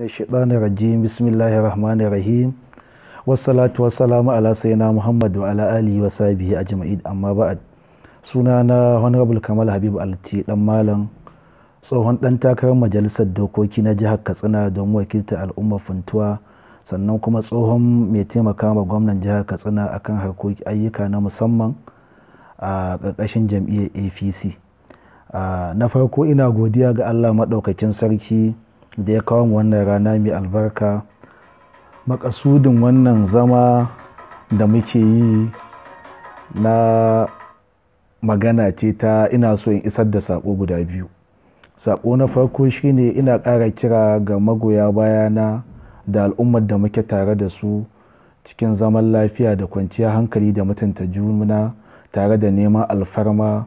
na shaitanin rajim bismillahi rahmanir rahim wassalatu wassalamu ala sayyidina muhammad wa ala alihi wa sahbihi ajma'in amma ba'ad suna na honorable kamal habib alti dan malam tsohon ɗan takarar majalisar dokoki na jihar katsina don wakilta al'ummar funtuwa sannan kuma tsohon mai taimaka ma gwamnan jihar katsina akan harkokin ayyuka na musamman a ƙarƙashin jam'iyyar apc ah, na farko ina godiya ga allah maɗaukakin sarki da ya kawo mu wannan rana mai albarka makasudin wannan zama da muke yi na magana ce ta ina so in isar da saƙo guda biyu saƙo na farko shine ina ƙara kira ga magoya bayana da al'ummar da muke tare da su cikin zaman lafiya da kwanciya hankali da mutunta juna tare da neman alfarma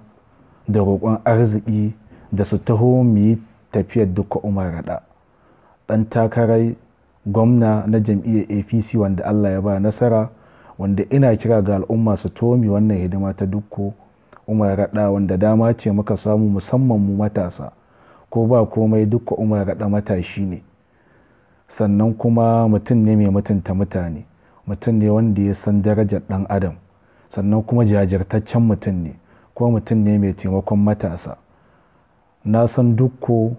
da roƙon arziki da su taho mu yi tafiyar duka umar raɗa ɗan takarar gwamna na jam'iyyar apc wanda allah ya ba nasara wanda ina kira ga al'umma su tomi wannan hidima ta dukko umar raɗa wanda dama ce muka samu musamman mu matasa ko ba komai dukko umar raɗa matashi ne sannan kuma mutum ne mai mutunta mutane mutum ne wanda ya san darajar ɗan adam sannan kuma jajirtaccen mutum ne ko mutum ne mai taimakon matasa na san dukko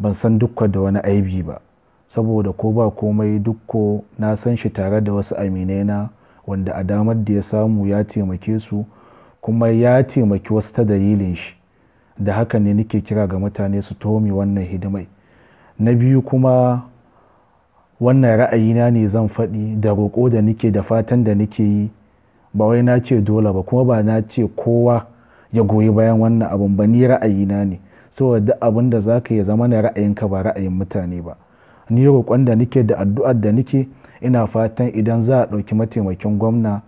ban san dukko da wani aibi ba saboda ko ba komai dukko na san shi tare da wasu aminaina wanda a damar da ya samu ya taimake su kuma ya taimaki wasu ta dalilin shi da haka ne nake kira ga mutane su tomi wannan hidimai na biyu kuma wannan ra'ayina ne zan faɗi da roƙo da nake da fatan da nake yi ba wai na ce dole ba kuma ba na ce kowa ya goyi bayan wannan abin ba ni ra'ayina ne saboda da abin da za ka yi zama na ra'ayinka ba ra'ayin mutane ba ni roƙon da nike da addu'ar da nike ina fatan idan za a ɗauki mataimakin gwamna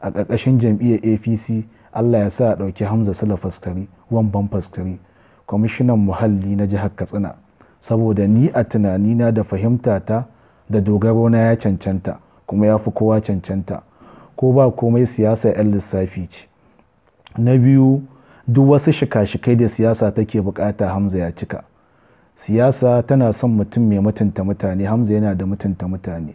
a ƙarƙashin jam'iyyar apc allah ya sa a ɗauki hamza sula faskari wamban faskari kwamishinan muhalli na jihar katsina saboda ni a tunanina da fahimta ta da dogaro na ya cancanta kuma ya fi kowa cancanta ko ba komai siyasa 'yan lissafi ce na biyu duk wasu shika-shikai da siyasa take bukata hamza ya cika siyasa tana son mutum mai mutunta mutane hamza yana da mutunta mutane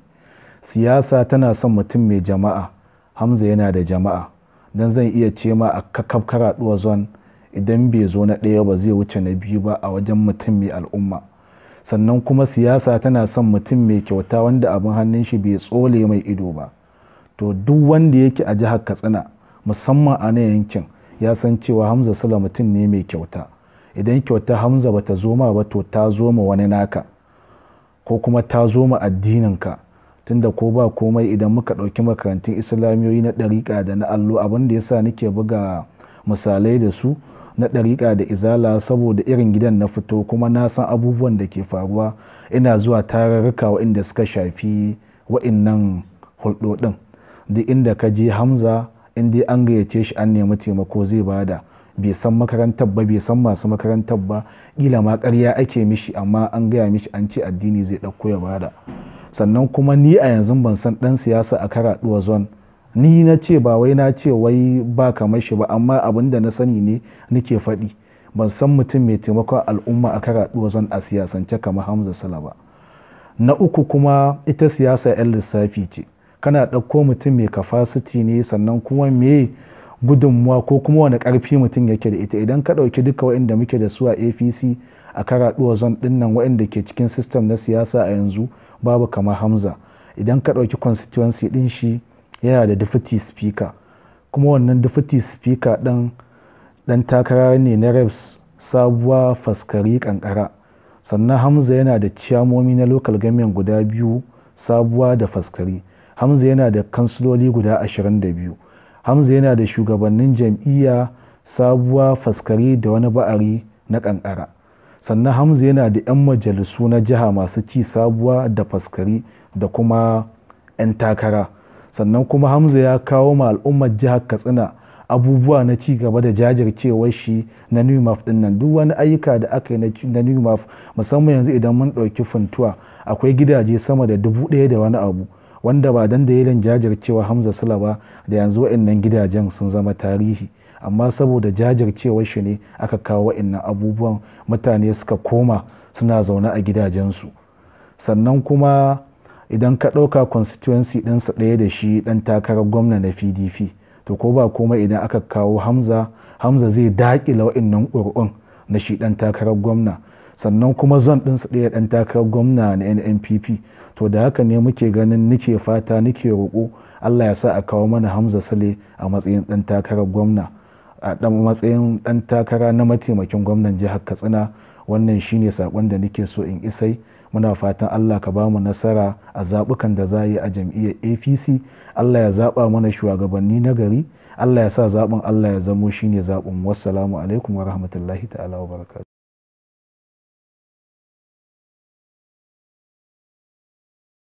siyasa tana son mutum mai jama'a hamza yana da jama'a don zan iya ce ma a kakaf karaduwa zon idan bai zo na ɗaya ba zai wuce na biyu ba a wajen mutum mai al'umma sannan kuma siyasa tana son mutum mai kyauta wanda abin hannun shi bai tsole mai ido ba to duk wanda yake a jihar katsina musamman a na yankin ya san cewa hamza sala mutum ne mai kyauta idan kyauta hamza bata zo ma ba to ta zo ma wani naka ko kuma ta zo ma addininka tunda ko ba komai idan muka ɗauki makarantun islamiyoyi na ɗariƙa da na allo abinda da yasa nake buga misalai da su na ɗariƙa da izala saboda irin gidan na fito kuma na san abubuwan da ke faruwa ina zuwa tararruka waɗanda suka shafi waɗannan hulɗoɗin duk inda ka je hamza in dai an gayyace shi an nemi taimako zai bada bai san makarantar ba bai san masu makarantar ba kila ma ƙarya ake mishi amma an gaya mishi an ce addini zai ɗauko ya bada sannan kuma ni a yanzu ban san ɗan siyasa a karaɗuwa zone ni na ce ba wai na ce wai ba kamar shi ba amma abin da na sani ne nake faɗi ban san mutum mai taimakon al'umma a karaɗuwa zon a siyasance kamar hamza sala ba na uku kuma ita siyasa 'yan lissafi ce kana ɗauko mutum mai kafasiti ne sannan kuma me gudunmuwa ko kuma wani ƙarfi mutum yake da ita idan ka ɗauki duka waɗanda muke da su a apc a karaɗuwa zon ɗinnan waɗanda ke cikin sistem na siyasa a yanzu babu kamar hamza idan ka ɗauki constituency ɗin shi yana da deputy speaker kuma wannan deputy speaker ɗin ɗan takara ne na reps sabuwa faskari kankara sannan hamza yana da ciyamomi na local government guda biyu sabuwa da faskari hamza yana da kansiloli guda 22 hamza yana da shugabannin jam'iyya sabuwa faskari da wani ba'ari na kankara sannan hamza yana da 'yan majalisu na jiha masu ci sabuwa da faskari da kuma 'yan takara sannan kuma hamza ya kawo ma al'ummar jihar katsina abubuwa na ci gaba da jajircewar shi na newmaf din nan duk wani ayyuka da aka yi na new newmaf musamman yanzu idan mun ɗauki funtuwa akwai gidaje sama da dubu ɗaya da wani abu wanda ba dan dalilin jajircewa Hamza Sula ba da yanzu wa'annan gidajen sun zama tarihi amma saboda jajircewar shi ne aka kawo wa'annan abubuwan mutane suka koma suna zaune a gidajensu sannan kuma idan ka ɗauka constituency ɗinsa ɗaya da shi ɗan takarar gwamna na pdp to ko ba kuma idan aka kawo hamza hamza zai daƙila wa'annan ƙuri'un na shi ɗan takarar gwamna sannan kuma zon ɗinsu ɗaya ɗan takarar gwamna na nnpp to da haka ne muke ganin nike fata nike roƙo allah ya sa a kawo mana hamza sale a matsayin ɗan takarar gwamna a ɗan matsayin ɗan takara na mataimakin gwamnan jihar katsina wannan shine saƙon da nike so in isai muna fatan allah ka ba mu nasara a zaɓukan da za yi a jam'iyyar apc allah ya zaɓa mana shugabanni na gari allah ya sa zaɓin allah ya zamo shine zaɓin wassalamu alaikum wa rahmatullahi ta'ala wa barakatu